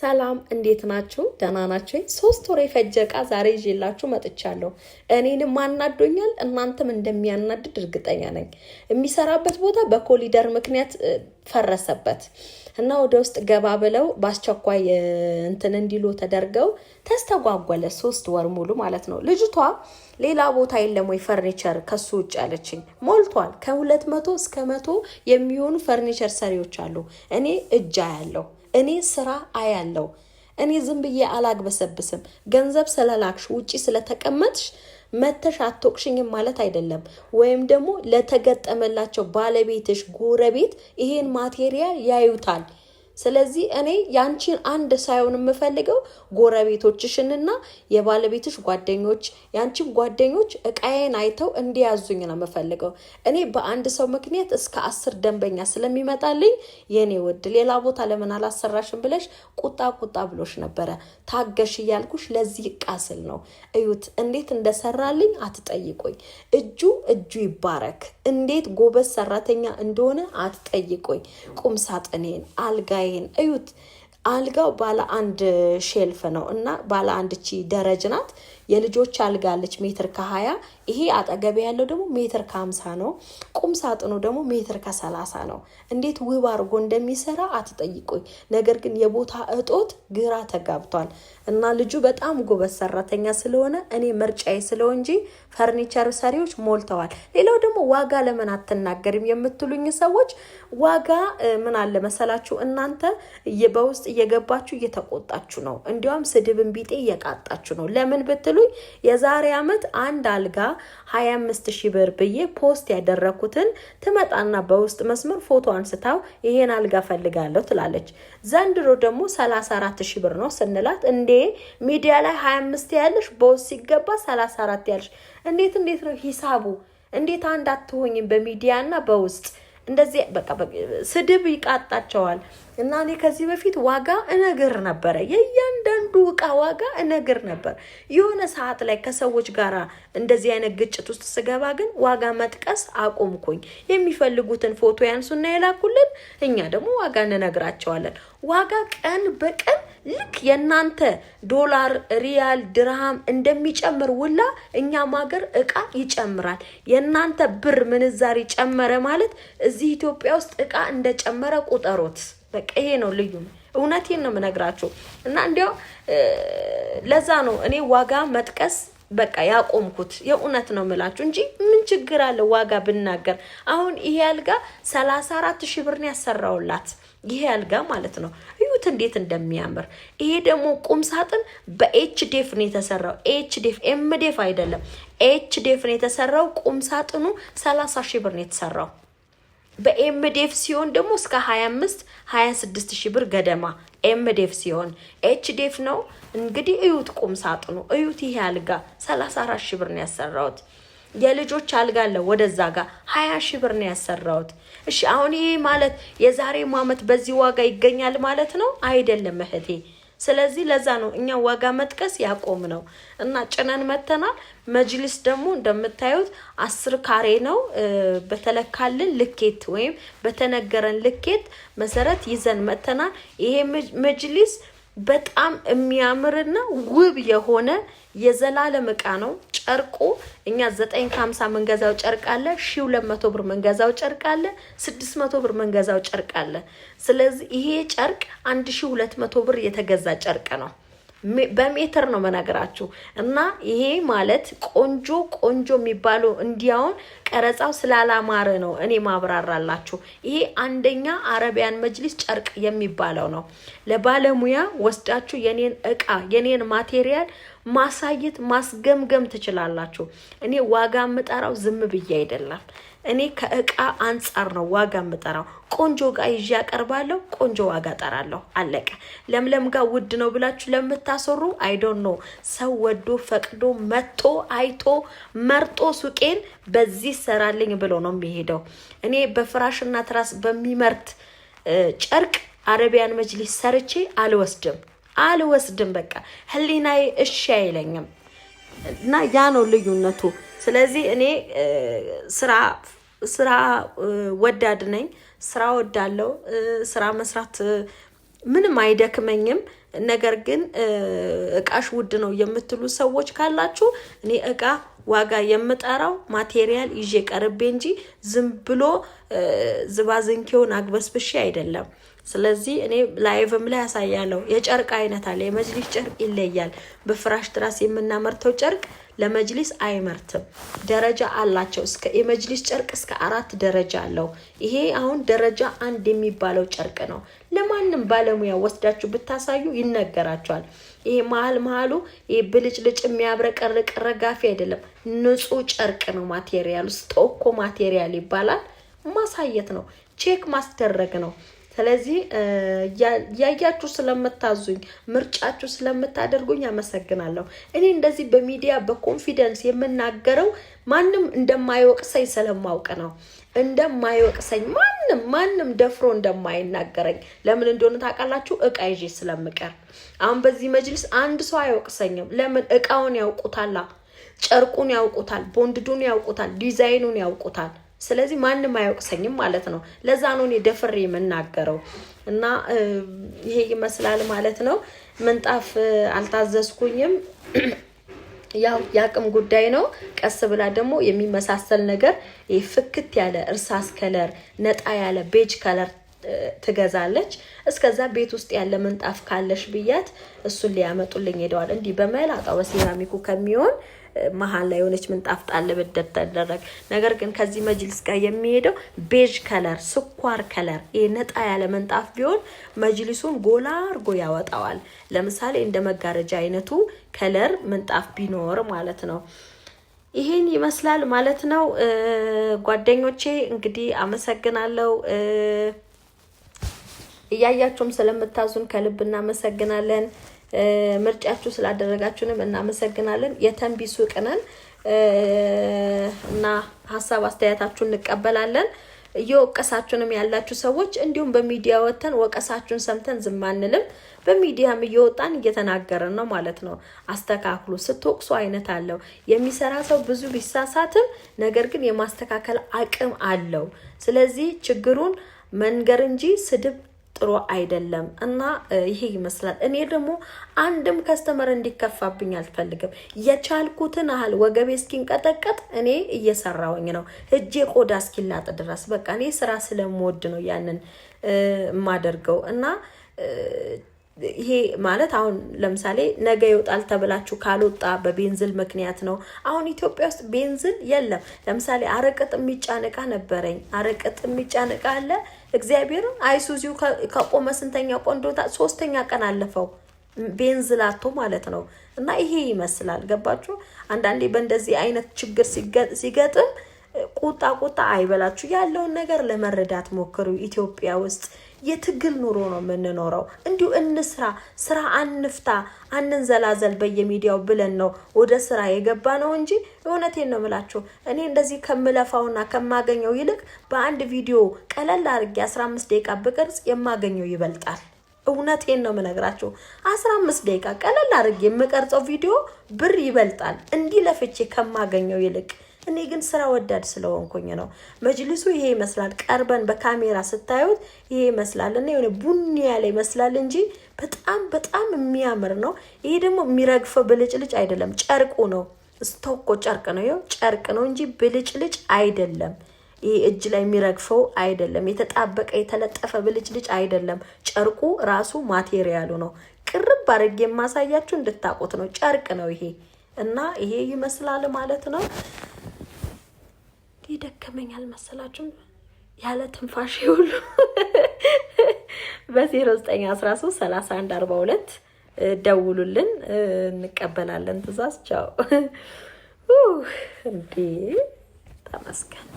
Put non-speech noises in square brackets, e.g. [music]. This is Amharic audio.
ሰላም እንዴት ናችሁ? ደህና ናቸው። ሶስት ወር የፈጀ እቃ ዛሬ ይዤላችሁ መጥቻለሁ። እኔንም አናዶኛል፣ እናንተም እንደሚያናድድ እርግጠኛ ነኝ። የሚሰራበት ቦታ በኮሊደር ምክንያት ፈረሰበት እና ወደ ውስጥ ገባ ብለው በአስቸኳይ እንትን እንዲሉ ተደርገው ተስተጓጓለ። ሶስት ወር ሙሉ ማለት ነው። ልጅቷ ሌላ ቦታ የለም ወይ ፈርኒቸር ከሱ ውጭ አለችኝ። ሞልቷል። ከሁለት መቶ እስከ መቶ የሚሆኑ ፈርኒቸር ሰሪዎች አሉ። እኔ እጃ ያለው እኔ ስራ አያለው። እኔ ዝም ብዬ አላግበሰብስም። ገንዘብ ስለላክሽ ውጪ ስለተቀመጥሽ መተሽ አትወቅሽኝም ማለት አይደለም። ወይም ደግሞ ለተገጠመላቸው ባለቤትሽ፣ ጎረቤት ይሄን ማቴሪያል ያዩታል። ስለዚህ እኔ ያንቺን አንድ ሳይሆን የምፈልገው ጎረቤቶችሽንና የባለቤትሽ ጓደኞች ያንቺን ጓደኞች እቃዬን አይተው እንዲያዙኝ ነው የምፈልገው። እኔ በአንድ ሰው ምክንያት እስከ አስር ደንበኛ ስለሚመጣልኝ የኔ ውድ ሌላ ቦታ ለምን አላሰራሽም ብለሽ ቁጣ ቁጣ ብሎሽ ነበረ። ታገሽ እያልኩሽ ለዚህ ቃስል ነው። እዩት እንዴት እንደሰራልኝ አትጠይቁኝ። እጁ እጁ ይባረክ። እንዴት ጎበዝ ሰራተኛ እንደሆነ አትጠይቁኝ። ቁም ሳጥኔን አልጋ ጣይን እዩት። አልጋው ባለ አንድ ሼልፍ ነው እና ባለ አንድ ቺ ደረጅ ናት። የልጆች አልጋለች ሜትር ከሀያ ይሄ አጠገቤ ያለው ደግሞ ሜትር ከሀምሳ ነው። ቁም ሳጥኑ ደግሞ ሜትር ከሰላሳ ነው። እንዴት ውብ አድርጎ እንደሚሰራ አትጠይቁኝ። ነገር ግን የቦታ እጦት ግራ ተጋብቷል እና ልጁ በጣም ጎበዝ ሰራተኛ ስለሆነ እኔ ምርጫዬ ስለው እንጂ ፈርኒቸር ሰሪዎች ሞልተዋል። ሌላው ደግሞ ዋጋ ለምን አትናገርም የምትሉኝ ሰዎች ዋጋ ምን አለ መሰላችሁ እናንተ በውስጥ እየገባችሁ እየተቆጣችሁ ነው። እንዲያውም ስድብን ቢጤ እየቃጣችሁ ነው። ለምን ብትሉኝ የዛሬ ዓመት አንድ አልጋ ሀያ አምስት ሺህ ብር ብዬ ፖስት ያደረኩትን ትመጣና በውስጥ መስመር ፎቶ አንስታው ይሄን አልጋ ፈልጋለሁ ትላለች። ዘንድሮ ደግሞ ሰላሳ አራት ሺህ ብር ነው ስንላት እንዴ ሚዲያ ላይ ሀያ አምስት ያለሽ በውስጥ ሲገባ ሰላሳ አራት ያለሽ እንዴት እንዴት ነው ሂሳቡ? እንዴት አንድ አትሆኝም? በሚዲያ እና በውስጥ እንደዚህ በቃ ስድብ ይቃጣቸዋል። እና እኔ ከዚህ በፊት ዋጋ እነግር ነበረ፣ የእያንዳንዱ እቃ ዋጋ እነግር ነበር። የሆነ ሰዓት ላይ ከሰዎች ጋር እንደዚህ አይነት ግጭት ውስጥ ስገባ ግን ዋጋ መጥቀስ አቆምኩኝ። የሚፈልጉትን ፎቶ ያንሱና የላኩልን፣ እኛ ደግሞ ዋጋ እንነግራቸዋለን። ዋጋ ቀን በቀን ልክ የእናንተ ዶላር፣ ሪያል፣ ድርሃም እንደሚጨምር ውላ እኛም ሀገር እቃ ይጨምራል። የእናንተ ብር ምንዛሪ ጨመረ ማለት እዚህ ኢትዮጵያ ውስጥ እቃ እንደጨመረ ቁጠሮት። በቃ ይሄ ነው ልዩ። እውነቴን ነው የምነግራችሁ። እና እንዲያው ለዛ ነው እኔ ዋጋ መጥቀስ በቃ ያቆምኩት የእውነት ነው የምላችሁ እንጂ ምን ችግር አለ ዋጋ ብናገር። አሁን ይሄ አልጋ ሰላሳ አራት ሺህ ብር ነው ያሰራውላት ይሄ አልጋ ማለት ነው። እዩት እንዴት እንደሚያምር። ይሄ ደግሞ ቁም ሳጥን በኤች ዴፍ ነው የተሰራው። ኤች ዴፍ ኤም ዴፍ አይደለም፣ ኤች ዴፍ ነው የተሰራው። ቁም ሳጥኑ 30 ሺህ ብር ነው የተሰራው። በኤምዴፍ ሲሆን ደግሞ እስከ 25 26 ሺህ ብር ገደማ ኤምዴፍ ሲሆን ኤችዴፍ ነው እንግዲህ። እዩት ቁም ሳጥኑ እዩት። ይሄ አልጋ 34 ሺህ ብር ነው ያሰራሁት። የልጆች አልጋ አለ ወደዛ ጋር ሀያ ሺ ብር ነው ያሰራሁት። እሺ አሁን ይሄ ማለት የዛሬ ዓመት በዚህ ዋጋ ይገኛል ማለት ነው አይደለም እህቴ። ስለዚህ ለዛ ነው እኛ ዋጋ መጥቀስ ያቆም ነው እና ጭነን መተናል። መጅሊስ ደግሞ እንደምታዩት አስር ካሬ ነው በተለካልን ልኬት ወይም በተነገረን ልኬት መሰረት ይዘን መተናል። ይሄ መጅሊስ በጣም የሚያምርና ውብ የሆነ የዘላለም እቃ ነው ጨርቁ። እኛ 950 መንገዛው ጨርቅ አለ፣ 200 ብር መንገዛው ጨርቅ አለ፣ 600 ብር መንገዛው ጨርቅ አለ። ስለዚህ ይሄ ጨርቅ 1200 ብር የተገዛ ጨርቅ ነው። በሜትር ነው መነግራችሁ እና ይሄ ማለት ቆንጆ ቆንጆ የሚባለው እንዲያውም ቀረጻው ስላላማረ ነው እኔ ማብራራላችሁ። ይሄ አንደኛ አረቢያን መጅሊስ ጨርቅ የሚባለው ነው። ለባለሙያ ወስዳችሁ የኔን እቃ የኔን ማቴሪያል ማሳየት ማስገምገም ትችላላችሁ። እኔ ዋጋ የምጠራው ዝም ብዬ አይደለም። እኔ ከእቃ አንጻር ነው ዋጋ የምጠራው። ቆንጆ ጋር ይዤ ያቀርባለሁ፣ ቆንጆ ዋጋ ጠራለሁ። አለቀ። ለምለም ጋር ውድ ነው ብላችሁ ለምታሰሩ አይዶን ነው ሰው ወዶ ፈቅዶ መጥቶ አይቶ መርጦ ሱቄን በዚህ ሰራልኝ ብሎ ነው የሚሄደው። እኔ በፍራሽና ትራስ በሚመርት ጨርቅ አረቢያን መጅሊስ ሰርቼ አልወስድም አልወስድም። በቃ ህሊናዬ እሺ አይለኝም እና ያ ነው ልዩነቱ። ስለዚህ እኔ ስራ ስራ ወዳድ ነኝ። ስራ ወዳለው ስራ መስራት ምንም አይደክመኝም። ነገር ግን እቃሽ ውድ ነው የምትሉ ሰዎች ካላችሁ እኔ እቃ ዋጋ የምጠራው ማቴሪያል ይዤ ቀርቤ እንጂ ዝም ብሎ ዝባዝንኬውን አግበስብሼ አይደለም። ስለዚህ እኔ ላይቭም ላይ ያሳያለው የጨርቅ አይነት አለ። የመጅሊስ ጨርቅ ይለያል። በፍራሽ ትራስ የምናመርተው ጨርቅ ለመጅሊስ አይመርትም። ደረጃ አላቸው። እስከ የመጅሊስ ጨርቅ እስከ አራት ደረጃ አለው። ይሄ አሁን ደረጃ አንድ የሚባለው ጨርቅ ነው። ለማንም ባለሙያ ወስዳችሁ ብታሳዩ ይነገራቸዋል። ይሄ መሀል መሀሉ ይሄ ብልጭልጭ የሚያብረቀርቅ ረጋፊ አይደለም፣ ንጹህ ጨርቅ ነው። ማቴሪያሉ ስቶኮ ማቴሪያል ይባላል። ማሳየት ነው፣ ቼክ ማስደረግ ነው። ስለዚህ እያያችሁ ስለምታዙኝ ምርጫችሁ ስለምታደርጉኝ አመሰግናለሁ። እኔ እንደዚህ በሚዲያ በኮንፊደንስ የምናገረው ማንም እንደማይወቅሰኝ ስለማውቅ ነው። እንደማይወቅሰኝ ማንም ማንም ደፍሮ እንደማይናገረኝ ለምን እንደሆነ ታውቃላችሁ? እቃ ይዤ ስለምቀር። አሁን በዚህ መጅልስ አንድ ሰው አይወቅሰኝም። ለምን? እቃውን ያውቁታላ፣ ጨርቁን ያውቁታል፣ ቦንድዱን ያውቁታል፣ ዲዛይኑን ያውቁታል። ስለዚህ ማንም አያውቅሰኝም ማለት ነው። ለዛ ነው እኔ ደፍሬ የምናገረው እና ይሄ ይመስላል ማለት ነው። ምንጣፍ አልታዘዝኩኝም። [clears throat] ያው የአቅም ጉዳይ ነው። ቀስ ብላ ደግሞ የሚመሳሰል ነገር ፍክት ያለ እርሳስ ከለር፣ ነጣ ያለ ቤጅ ከለር ትገዛለች። እስከዛ ቤት ውስጥ ያለ ምንጣፍ ካለሽ ብያት እሱን ሊያመጡልኝ ሄደዋል። እንዲህ በመላጣ በሴራሚኩ ከሚሆን መሀል ላይ የሆነች ምንጣፍ ጣል ብድር ነገር ግን ከዚህ መጅልስ ጋር የሚሄደው ቤዥ ከለር፣ ስኳር ከለር፣ ይሄ ነጣ ያለ ምንጣፍ ቢሆን መጅልሱን ጎላ አርጎ ያወጣዋል። ለምሳሌ እንደ መጋረጃ አይነቱ ከለር ምንጣፍ ቢኖር ማለት ነው። ይህን ይመስላል ማለት ነው ጓደኞቼ። እንግዲህ አመሰግናለሁ። እያያችሁም ስለምታዙን ከልብ እናመሰግናለን። ምርጫችሁ ስላደረጋችሁንም እናመሰግናለን። የተንቢ ሱቅ ነን እና ሀሳብ አስተያየታችሁን እንቀበላለን። እየወቀሳችሁንም ያላችሁ ሰዎች እንዲሁም በሚዲያ ወጥተን ወቀሳችሁን ሰምተን ዝም አንልም። በሚዲያም እየወጣን እየተናገረን ነው ማለት ነው። አስተካክሉ። ስትወቅሱ አይነት አለው። የሚሰራ ሰው ብዙ ቢሳሳትም ነገር ግን የማስተካከል አቅም አለው። ስለዚህ ችግሩን መንገር እንጂ ስድብ ጥሩ አይደለም እና ይሄ ይመስላል። እኔ ደግሞ አንድም ከስተመር እንዲከፋብኝ አልፈልግም። የቻልኩትን ያህል ወገቤ እስኪንቀጠቀጥ እኔ እየሰራውኝ ነው፣ እጄ ቆዳ እስኪላጥ ድረስ በቃ እኔ ስራ ስለምወድ ነው ያንን የማደርገው እና ይሄ ማለት አሁን ለምሳሌ ነገ ይወጣል ተብላችሁ ካልወጣ በቤንዝል ምክንያት ነው። አሁን ኢትዮጵያ ውስጥ ቤንዝል የለም። ለምሳሌ አረቅጥ የሚጫነቃ ነበረኝ። አረቅጥ የሚጫነቃ አለ። እግዚአብሔር አይሱዚው ከቆመ ስንተኛ ቆንዶታ ሶስተኛ ቀን አለፈው ቤንዝል አቶ ማለት ነው። እና ይሄ ይመስላል ገባችሁ። አንዳንዴ በእንደዚህ አይነት ችግር ሲገጥም ቁጣ ቁጣ አይበላችሁ። ያለውን ነገር ለመረዳት ሞክሩ። ኢትዮጵያ ውስጥ የትግል ኑሮ ነው የምንኖረው። እንዲሁ እንስራ፣ ስራ አንፍታ፣ አንንዘላዘል በየሚዲያው ብለን ነው ወደ ስራ የገባ ነው እንጂ እውነቴን ነው የምላችሁ። እኔ እንደዚህ ከምለፋውና ከማገኘው ይልቅ በአንድ ቪዲዮ ቀለል አድርጌ 15 ደቂቃ ብቅርጽ የማገኘው ይበልጣል። እውነቴን ነው የምነግራችሁ። 15 ደቂቃ ቀለል አድርጌ የምቀርጸው ቪዲዮ ብር ይበልጣል እንዲህ ለፍቼ ከማገኘው ይልቅ እኔ ግን ስራ ወዳድ ስለሆንኩኝ ነው። መጅልሱ ይሄ ይመስላል። ቀርበን በካሜራ ስታዩት ይሄ ይመስላል እና የሆነ ቡኒ ያለ ይመስላል እንጂ በጣም በጣም የሚያምር ነው። ይሄ ደግሞ የሚረግፈው ብልጭልጭ አይደለም፣ ጨርቁ ነው። ስቶኮ ጨርቅ ነው። ይኸው ጨርቅ ነው እንጂ ብልጭልጭ አይደለም። ይሄ እጅ ላይ የሚረግፈው አይደለም። የተጣበቀ የተለጠፈ ብልጭልጭ አይደለም። ጨርቁ ራሱ ማቴሪያሉ ነው። ቅርብ አድርጌ የማሳያችሁ እንድታቁት ነው። ጨርቅ ነው ይሄ እና ይሄ ይመስላል ማለት ነው። የደከመኝ አልመሰላችሁም? ያለ ትንፋሽ ሁሉ በ 42 ደውሉልን፣ እንቀበላለን ትእዛዝ። ቻው እንዴ! ተመስገን